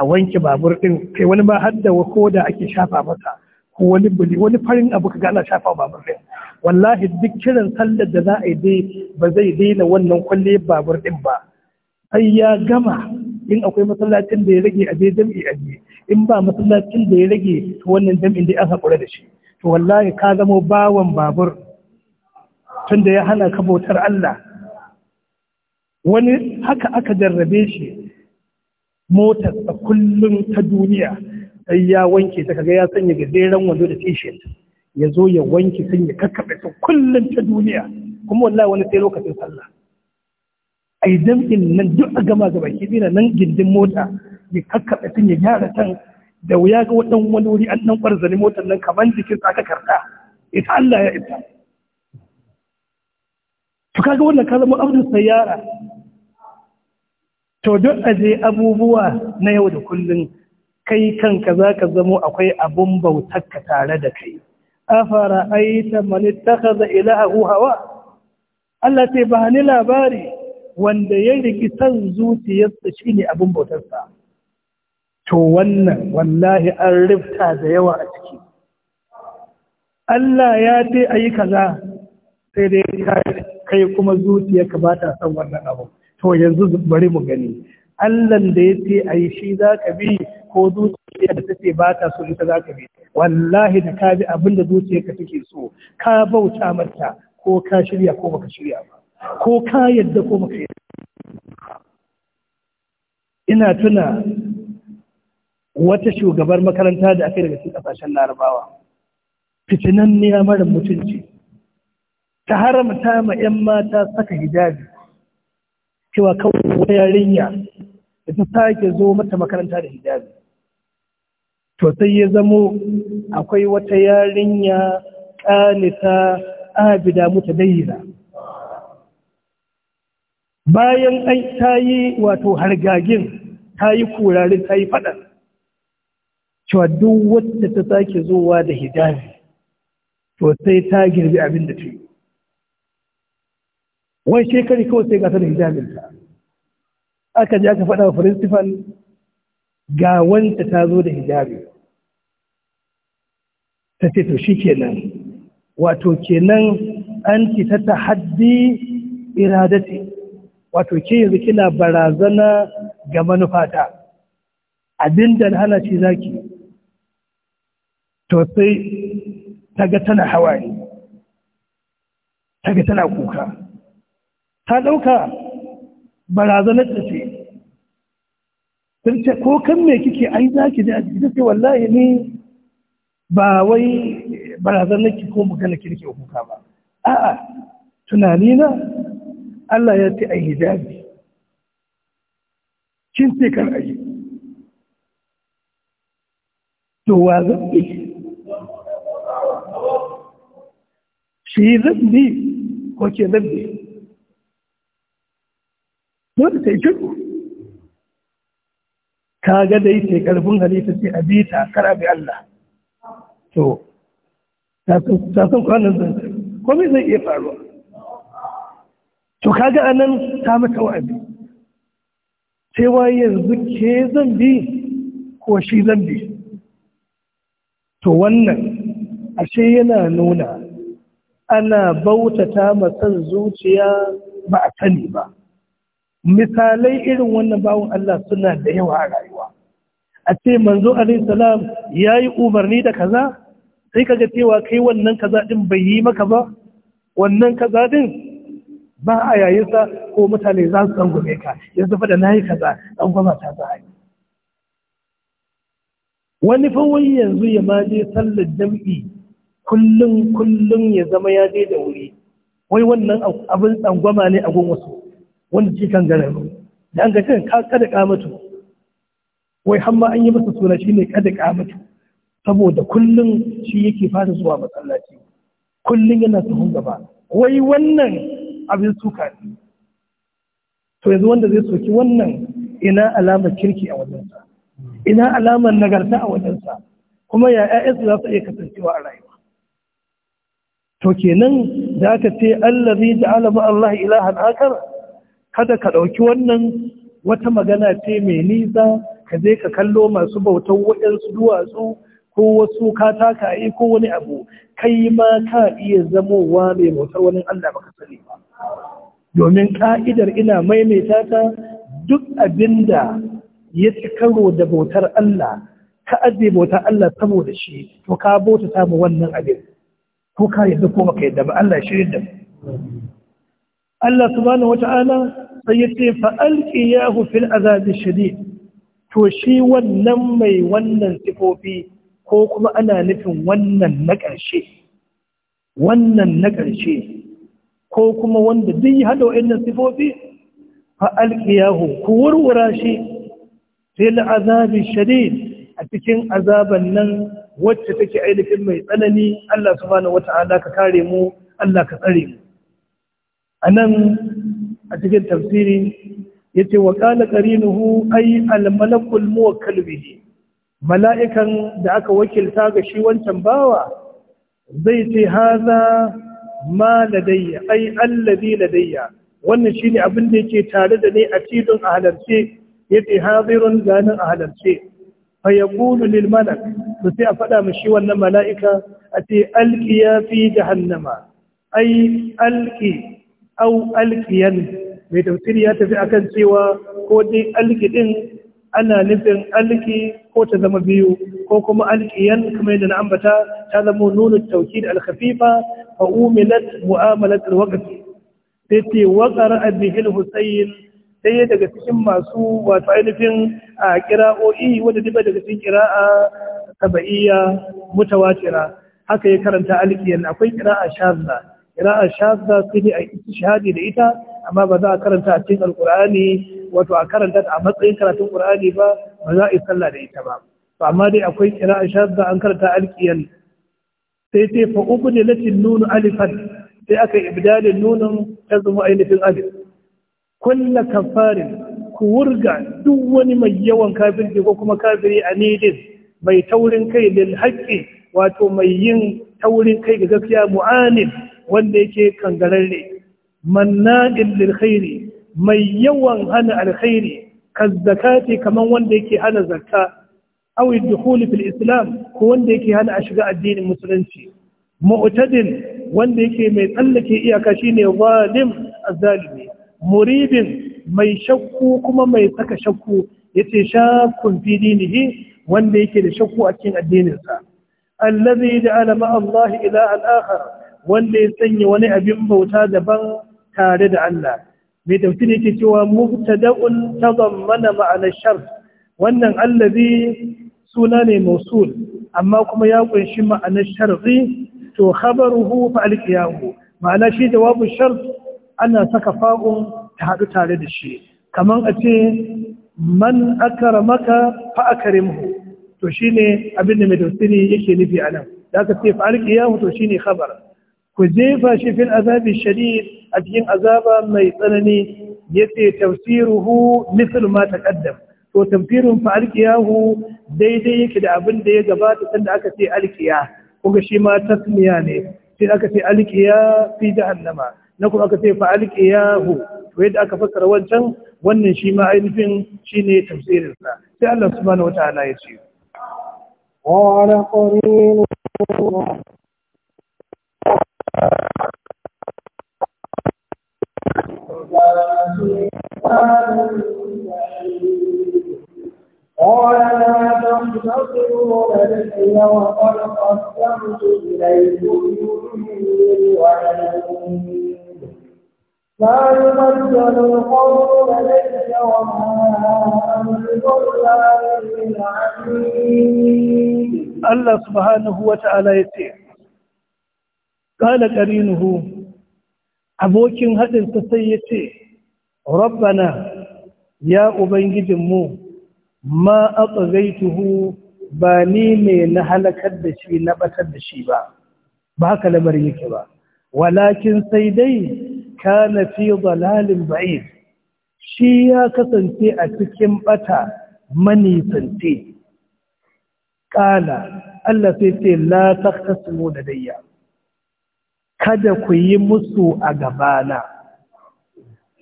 a wanke babur ɗin kai wani ba har da ko da ake shafa masa ko wani buli wani farin abu ka ana shafa babur ɗin wallahi duk kiran sallar da za a yi dai ba zai daina wannan kwalle babur ɗin ba sai ya gama in akwai masallacin da ya rage a je jam'i a je in ba masallacin da ya rage to wannan jam'in da aka kura da shi to wallahi ka zama bawan babur tunda ya hana ka bautar Allah wani haka aka jarrabe shi motar a kullum ta duniya sai ya wanke ta kaga ya sanya gajeren wando da t ya zo ya wanke sun ya kakkaɓe kullum ta duniya kuma wallahi wani sai lokacin sallah ai jam'in nan duk a gama gaba ke dina nan gindin mota ya kakkaɓe tun ya gyara can da wuya ga waɗan wani wuri an ɗan ƙwarzani motar nan kamar jikin aka karɗa ita Allah ya ita to kaga wannan ka zama abin sayara. to duk aje abubuwa na yau da kullum kai kanka za ka zamo akwai abun bautarka tare da kai afara aita manittaka za ila hawa Allah ce ba ni labari wanda ya riki san zuciyarsa shine abin bautarsa to wannan wallahi an rifta da yawa a ciki Allah ya ce a yi kaza sai dai kai kuma zuciyarka ba ta san wannan abu to yanzu bari mu gani Allah da ya ce a yi shi za ka bi ko zuciya da take ba ta so ita za ka bi wallahi da ka bi abin da zuciyarka take so ka bauta mata ko ka shirya ko baka shirya ba ko ka yadda ko maka yadda ina tuna wata shugabar makaranta da aka yi daga cikin kasashen larabawa fitinan ne mara mutunci ta haramta ma 'yan mata saka hijabi cewa kawai wata yarinya da ta sake zo mata makaranta da hijabi to sai ya zamo akwai wata yarinya ta abida na. bayan ai ta yi wato hargagin ta yi kurarin ta yi faɗa cewa duk wadda ta sake zuwa da hijabi to sai ta girbi abin da ta yi wai shekari kawai sai gasa da ta aka ji aka faɗa wa principal ga wanda ta zo da hijabi ta ce to shi kenan wato kenan an ci ta haddi iradatin wato ke yanzu kina barazana ga manufata abinda na hana ce zaki to sai ta ga tana hawaye ta ga tana kuka ta ɗauka barazanar ta ce sun ce ko kan me kike ai zaki da ajiyar sai wallahi ni ba wai barazanar ki ko magana kirke kuka ba a'a na. Allah ya ce a hijabi kin ce kar yi to wa zaɓi shi zaɓi ko ke zaɓi ta yi kirku ka ga dai sai karfin halitta sai a bi ta kara bi Allah to ta san kwanan zan ko me zai iya faruwa to kaga anan ta mata wa'azi cewa yanzu ke zan ko shi zan to wannan ashe yana nuna ana bautata masan zuciya ba a sani ba misalai irin wannan bawon Allah suna da yawa a rayuwa a ce manzo alaihi salam yayi umarni da kaza sai kaga cewa kai wannan kaza din bai yi maka ba wannan kaza din ba a yayinsa ko mutane za su tsangume ka yanzu fada na yi kaza an gwama ta za a yi wani fawai yanzu ya ma je sallar jam'i kullum kullum ya zama ya je da wuri wai wannan abin tsangwama ne a gun wasu wanda ke kan gararru da an gajiyar ka kada wai hamma an yi masa suna shi ne kada mutu. saboda kullum shi yake fara zuwa masallaci kullum yana sahun gaba wai wannan abin suka ne to yanzu wanda zai soki wannan ina alamar kirki a wajensa ina alamar nagarta a wajensa kuma ya ƴaƴansu za su iya kasancewa a rayuwa to kenan da aka ce zai da ma Allah ilahan akar kada ka ɗauki wannan wata magana ce mai nisa ka je ka kallo masu bautan waɗansu duwatsu ko wasu katakaye ko wani abu kai ma ka iya zamowa mai bautar wani Allah ba ka sani ba domin ƙa'idar ina maimaita ta duk abinda ya ci karo da bautar Allah ka ajiye bautar Allah saboda shi to ka bauta ta mu wannan abin ko ka yadda ko baka yadda ba Allah shirin da Allah subhanahu wata'ala sai ya ce fa alqiyahu fil azab shadid to shi wannan mai wannan sifofi ko kuma ana nufin wannan na ƙarshe wannan na ƙarshe ko kuma wanda duk ya hada wa'annan sifofi fa alqiyahu ku wurwura shi fil azabi shadid a cikin azaban nan wacce take ainihin mai tsanani Allah subhanahu wata'ala ka kare mu Allah ka tsare mu anan a cikin tafsiri yace wa qala qarinuhu ay al malakul muwakkal bihi mala'ikan da aka wakilta ga shi wancan bawa zai ce haza ma ladayya ai allazi ladayya wannan shine abin da yake tare da ni a tidin a halarce yace hadirun ganin a halarci. fa yaqulu lil malak to sai a fada mishi wannan mala'ika ace alqiya fi jahannama ai alqi au alqiyan mai tafsiri ya tafi akan cewa ko dai alqi din ana nufin alki ko ta zama biyu ko kuma alkiyan kamar yadda na ambata ta zama nunu tauki da alkhafifa fa umilat mu'amalat al-waqf sai ce wa qara'a husayn sai daga cikin masu wato ainihin a kira'o'i wanda duba daga cikin kira'a saba'iyya mutawatira haka ya karanta alƙiyan akwai kira'a shazza kira'a shazza sai a shahadi da ita amma ba za a karanta a cikin alƙur'ani wato a karanta a matsayin karatun ƙur'ani ba ba za a yi sallah da ita ba to amma dai akwai kira'a shazza an karanta alkiyan sai ce fa uku ne latin nunu alifan sai aka ibdalin nunan ya zama ainihin alif kulla kafarin ku wurga duk wani mai yawan ke ko kuma kafiri a nidin mai taurin kai lil haƙƙi wato mai yin taurin kai ga gaskiya mu'anin wanda yake kangararre manna'in lil khairi mai yawan hana alkhairi kazzakati kaman wanda yake hana zakka aw dukhul fil islam ko wanda yake hana a shiga addinin musulunci mu'tadin wanda yake mai tsallake iyaka shine zalim azzalimi Muridin mai shakku kuma mai saka shakku yace shakkun fi dinihi wanda yake da shakku a cikin addininsa allazi da alama Allah ilaha al wanda ya sanya wani abin bauta daban tare da Allah mai tafsiri yake cewa mubtada'un mana ma'ana shar wannan allazi suna ne mausul amma kuma ya kunshi ma'anar sharri to khabaruhu fa alqiyahu ma'ana shi jawabu shart ana saka fa'un ta hadu tare da shi kaman a ce man akramaka fa akrimhu to shine abin da medausini yake nufi anan da aka ce fa alqiyahu to shine khabar ku jefa shi fil azabi shadid a cikin azaba mai tsanani yace tafsiruhu mithl ma taqaddama to tamfirin fa alkiyahu daidai yake da abin da ya gabata sanda aka ce alkiya kuma shi ma tasmiya ne sai aka ce alkiya fi jahannama na kuma aka ce fa alkiyahu to yadda aka fassara wancan wannan shi ma ainihin shine tafsirin sa sai Allah subhanahu wataala ya ce wa Thank you. قال لا تختصروا لدي وقد إليكم القول وما Allah subhanahu wa ta'ala ya ce, Ƙala ƙarinuhu, abokin haɗinsa sai ya ce, Rabbana, ya Ubangijinmu, ma aqzaituhu ba ni ne na halakar da shi na batar da shi ba ba haka lamarin yake ba walakin sai dai kana fi dalalin ba'id shi ya kasance a cikin bata manisanci kala Allah sai ce la taqtasimu ladayya kada ku yi musu a gabana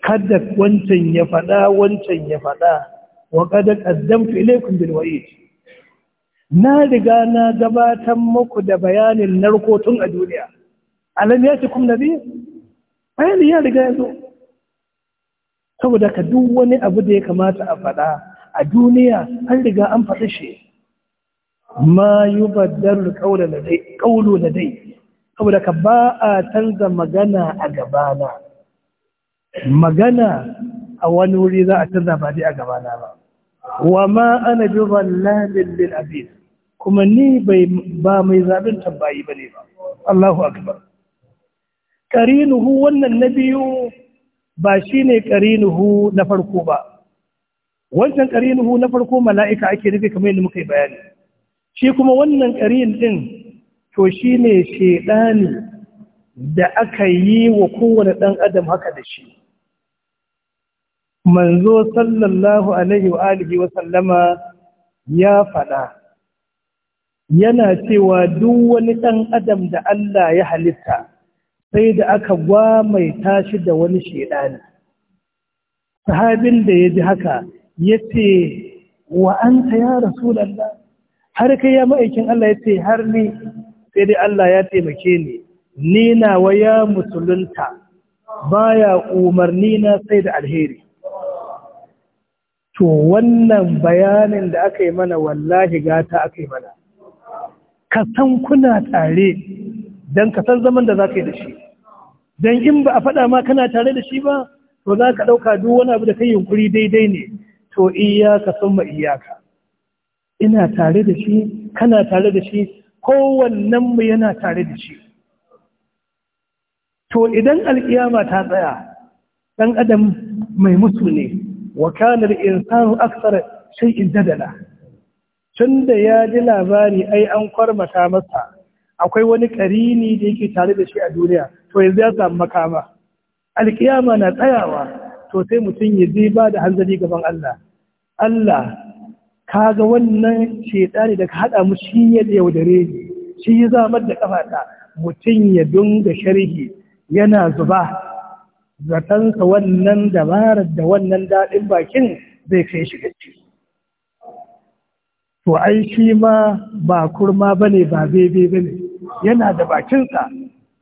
kada wancan ya faɗa wancan ya faɗa wa qad qaddamtu ilaykum bil wa'id na riga na gabatar muku da bayanin narkotun a duniya alam ya ce kum nabi bayani ya riga ya zo saboda ka duk wani abu da ya kamata a faɗa a duniya an riga an faɗi shi ma yubaddaru qawlu ladai qawlu ladai saboda ka ba a canza magana a gabana magana a wani wuri za a canza ba dai a gabana ba wa ma ana bi zallamin lil abid kuma ni bai ba mai zabin tambayi bane ba Allahu akbar karinuhu wannan nabiyu ba shine karinuhu na farko ba wancan karinuhu na farko mala'ika ake nufi kamar yadda muka yi bayani shi kuma wannan karin ɗin to shine shedani da aka yi wa kowane ɗan adam haka da shi manzo sallallahu alaihi wa alihi wa sallama ya faɗa yana cewa duk wani ɗan adam da Allah ya halitta sai da aka gwamaita shi da wani shedani sahabin da ya ji haka ya ce wa anta ya rasulullah har kai ya ma'aikin Allah ya har ni sai dai Allah ya taimake ni ni nawa ya musulunta baya umarni na sai da alheri to wannan bayanin da aka yi mana wallahi gata aka yi mana ka san kuna tare don ka san zaman da za ka yi da shi don in ba a faɗa ma kana tare da shi ba to za ka ɗauka duk wani abu da kai yunkuri daidai ne to iyaka sun ma iyaka ina tare da shi kana tare da shi mu yana tare da shi to idan alkiyama ta tsaya ɗan adam mai mutu ne wa kana aksar insanu akthara tunda ya ji labari ai an kwarmata masa akwai wani karini da yake tare da shi a duniya to yanzu ya samu makama alkiyama na tsayawa to sai mutum ya je ba da hanzari gaban Allah Allah kaga wannan shedani da ka hada mu shi ya yaudare ni shi ya zamar da kafata mutum ya dunga sharhi yana zuba zatansa wannan dabarar da wannan daɗin bakin zai kai shi gaci to ai shi ma ba kurma ba ne ba bebe ba ne. yana da bakinsa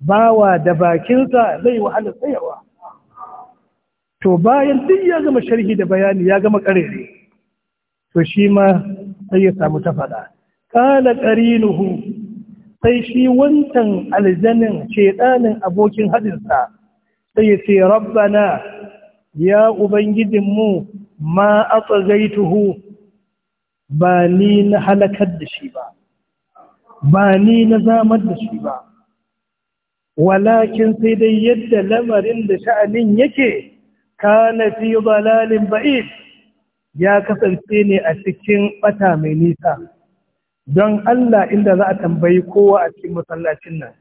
bawa da bakinsa zai wahala tsayawa to bayan duk ya gama sharhi da bayani ya gama ƙarere. to shi ma sai ya samu ta faɗa kala ƙarinuhu sai shi wancan aljanin ɗanin abokin hadinsa sai ce rabbana ya ubangijinmu ma a tsagaituhu ba ni na halakar da shi ba ba ni na zamar da shi ba walakin sai dai yadda lamarin da sha'anin yake ka na fi balalin ba'id ya kasance ne a cikin bata mai nisa don Allah inda za a tambayi kowa a cikin masallacin nan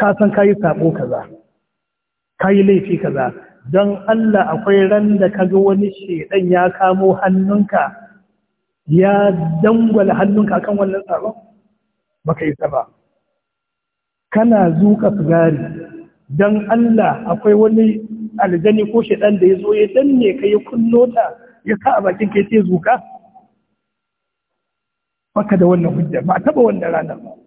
ka san kayi sabo kaza ka laifi kaza don Allah akwai ran da ka ga wani shedan ya kamo hannunka ya dangwala hannunka akan wannan tsaron baka yi ba kana zuka sigari don Allah akwai wani aljani ko shedan da ya zo ya danne ka ya ya sa a bakin kai ce zuka baka da wannan hujja ba taba wannan ranar ba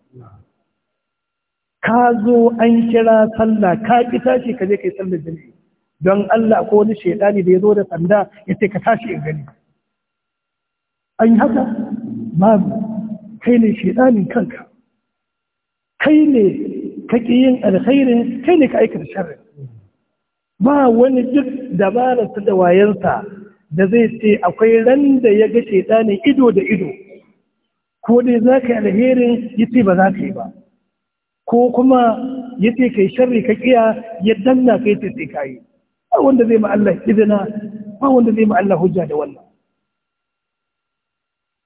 ka zo an kira sallah ka ki tashi ka je kai sallar jami'i don Allah ko wani shaidani da ya zo da sanda ya ce ka tashi in gani an yi haka babu kai ne shaidanin kanka kai ne ka ƙi yin alkhairin kai ne ka aikata sharri ba wani duk dabararsa da wayansa da zai ce akwai ran da ya ga shaidanin ido da ido ko dai za ka yi alherin yi ce ba za ka yi ba ko kuma ya ce kai sharri ka kiya ya danna kai ce sai kayi ba wanda zai ma Allah izina ba wanda zai ma Allah hujja da wannan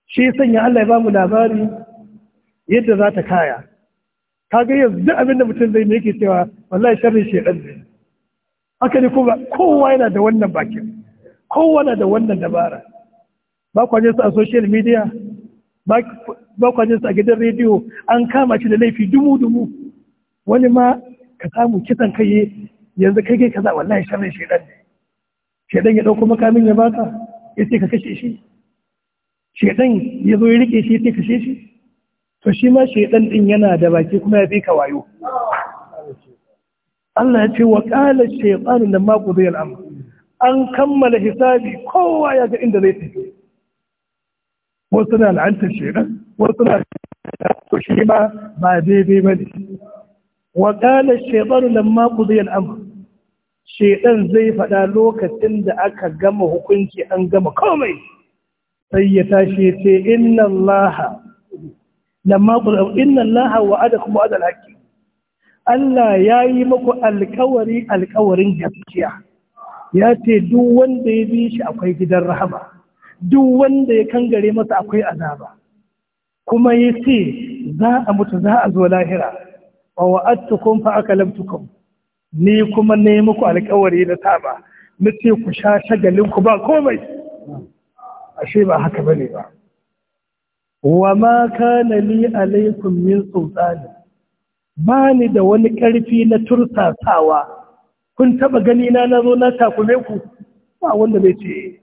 shi sanya Allah ya bamu labari yadda za ta kaya ga yanzu duk abin da mutum zai ne yake cewa wallahi sharri dan ne haka ne kuma kowa yana da wannan bakin kowa na da wannan dabara ba kwaje su a social media ba ba kwajinsa a gidan rediyo an kama shi da laifi dumu-dumu wani ma ka samu kisan kai yanzu kai kai kaza wallahi sharri shedan ne shedan ya dauko makamin ya baka ya ce ka kashe shi shedan ya zo ya rike shi ya ce kashe shi to shi ma shedan din yana da baki kuma ya fi ka wayo Allah ya ce wa qala shaytanu lamma qudiya al-amr an kammala hisabi kowa ya ga inda zai tafi wasu na la'antar shedan wasu na to shi ma ba daidai ba ne wa qala shaytanu lamma qudiya al-amr shedan zai faɗa lokacin da aka gama hukunci an gama komai sai ya tashi ce inna allaha lamma qul inna allaha wa'adakum wa'ada al-haqqi Allah ya yi muku alkawari alkawarin gaskiya ya ce duk wanda ya bi shi akwai gidan rahama duk wanda ya kangare masa akwai azaba kuma ya ce za a mutu za a zo lahira wa wa'adtukum fa aka akalamtukum ni kuma ne muku alƙawari na saba na ce ku sha shagalin ku ba komai ashe ba haka bane ba wa ma kana li alaikum min sultani ba ni da wani ƙarfi na tursasawa kun taba gani na nazo na takume ku ba wanda bai ce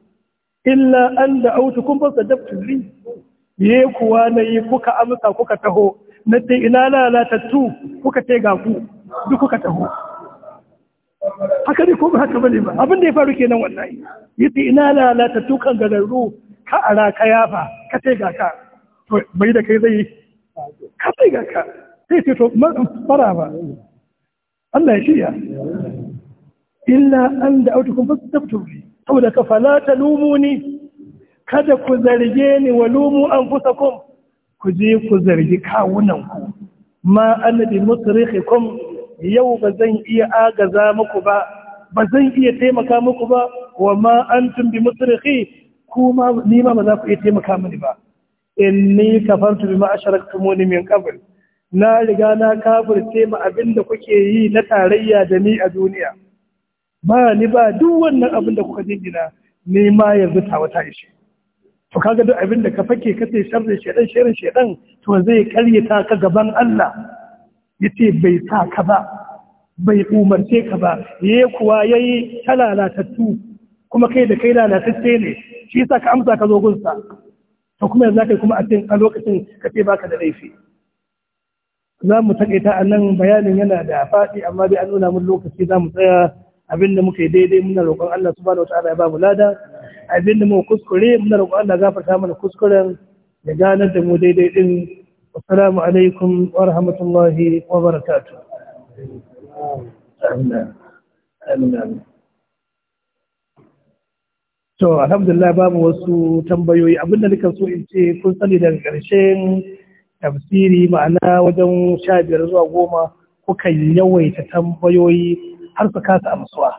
illa an da autu kun fasa dabtun li ye kuwa na yi kuka amsa kuka taho na ce ina lalatattu kuka ce ga ku duk kuka taho haka ne ko ba haka bane ba abin da ya faru kenan wallahi yace ina lalatattu kan gararru ka ara ka yafa ka ce ga ka to bai da kai zai ka ce ga ka sai ce to fara ba Allah ya shirya illa an da autu kun fasa dabtun li saboda ka falata lumu ne, kada ku zarge ni wa lumu an fusa kun ku je ku zargi kawunanku ma annabi kun, yau ba zan iya agaza muku ba ba zan iya taimaka muku ba wa ma antum bi musrikhi kuma ni ma ba za ku iya taimaka mini ba inni kafartu bima asharaktumuni min qabl na riga na kafirce abin abinda kuke yi na tarayya da ni a duniya ba ni ba duk wannan abin da kuka jingina nema ma yanzu ta wata ishe to kaga duk abin da ka fake ka ce sharrin shedan sharrin shedan to zai karyata ka gaban Allah yace bai sa ka ba bai umarce ka ba ye kuwa yayi ta lalatattu kuma kai da kai lalatacce ne shi yasa ka amsa ka zo gunsa to kuma yanzu kai kuma a lokacin ka ce baka da laifi za mu taƙaita a nan bayanin yana da faɗi amma dai an nuna mun lokaci za mu tsaya abinda muka yi daidai muna roƙon Allah subhanahu wataala ya ba mu lada abinda muka kuskure muna roƙon Allah gafarta mana kuskuren ya ganar da mu daidai din assalamu alaikum wa rahmatullahi wa barakatuh to alhamdulillah babu wasu tambayoyi abinda nika so in ce kun sani daga ƙarshen tafsiri ma'ana wajen sha biyar zuwa goma kukan yawaita tambayoyi har su kasa amsuwa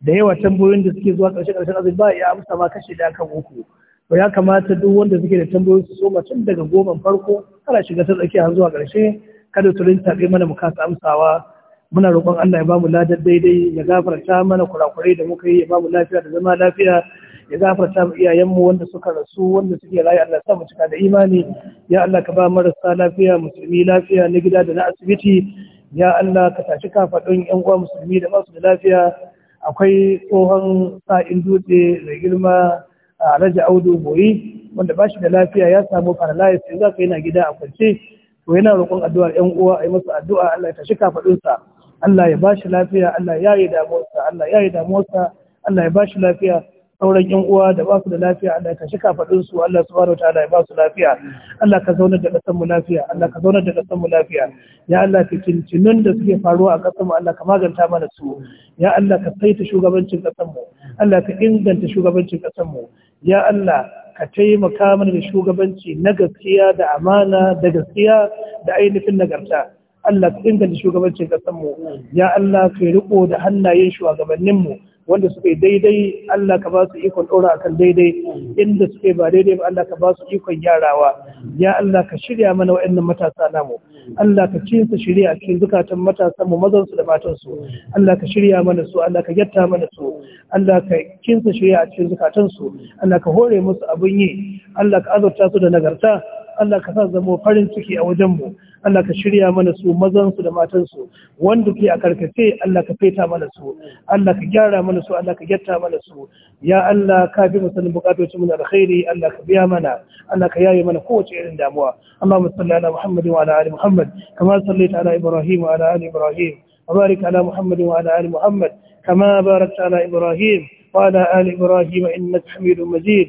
da yawa tambayoyin da suke zuwa ƙarshe ƙarshen azumi ba ya amsa ma kashi da kan uku Ba ya kamata duk wanda suke da tambayoyi su soma tun daga goman farko ana shiga ta tsakiya har zuwa ƙarshe kada su rinta bai mana mu kasa amsawa muna roƙon Allah ya ba mu ladar daidai ya gafarta mana kurakurai da muka yi ya ba mu lafiya da zama lafiya ya gafarta mu iyayenmu wanda suka rasu wanda suke rayu Allah sa mu cika da imani ya Allah ka ba marasa lafiya musulmi lafiya na gida da na asibiti ya Allah ka tashi kafaɗin yan uwa musulmi da basu da lafiya akwai tsohon sa'in dutse da girma a raja audu boyi wanda ba shi da lafiya ya samu paralysis yanzu zaka yana gida a kwance to yana roƙon addu'a yan uwa a yi masa addu'a Allah ya tashi kafaɗinsa Allah ya ba shi lafiya Allah ya yi damuwarsa Allah ya yi damuwarsa Allah ya ba shi lafiya sauran yan uwa da ba su da lafiya Allah ka shika fadin su Allah subhanahu wataala ya ba su lafiya Allah ka zauna da kasan mu lafiya Allah ka zauna da kasar mu lafiya ya Allah ka kincinun da suke faruwa a kasar mu Allah ka maganta mana su ya Allah ka saita shugabancin kasan mu Allah ka inganta shugabancin kasan mu ya Allah ka taimaka mana da shugabanci na gaskiya da amana da gaskiya da ainihin nagarta Allah ka inganta shugabancin kasan mu ya Allah ka riko da hannayen shugabannin mu wanda suka daidai Allah ka ba su ikon ɗora akan daidai inda suka yi ba daidai ba Allah ka ba su ikon gyarawa ya Allah ka shirya mana wa'annan matasa namu Allah ka ci su shirya cikin zukatan matasan mu mazan su da matan su Allah ka shirya mana su Allah ka yatta mana su Allah ka cin su shirya a cikin zukatan su Allah ka hore musu abun yi Allah ka azurta su da nagarta Allah ka sa zamo farin ciki a wajen mu Allah ka shirya mana su mazan su da matan su wanda ke a karkace Allah ka feta mana su Allah ka gyara mana su Allah ka gyatta mana su ya Allah ka bi mu sanin bukatocin mu da alkhairi Allah ka biya mana Allah ka yaye mana kowace irin damuwa Amma salli ala Muhammad wa ala ali Muhammad kama sallaita ala Ibrahim wa ala ali Ibrahim وبارك على محمد وعلى آل محمد كما باركت على إبراهيم وعلى آل إبراهيم إنك حميد مجيد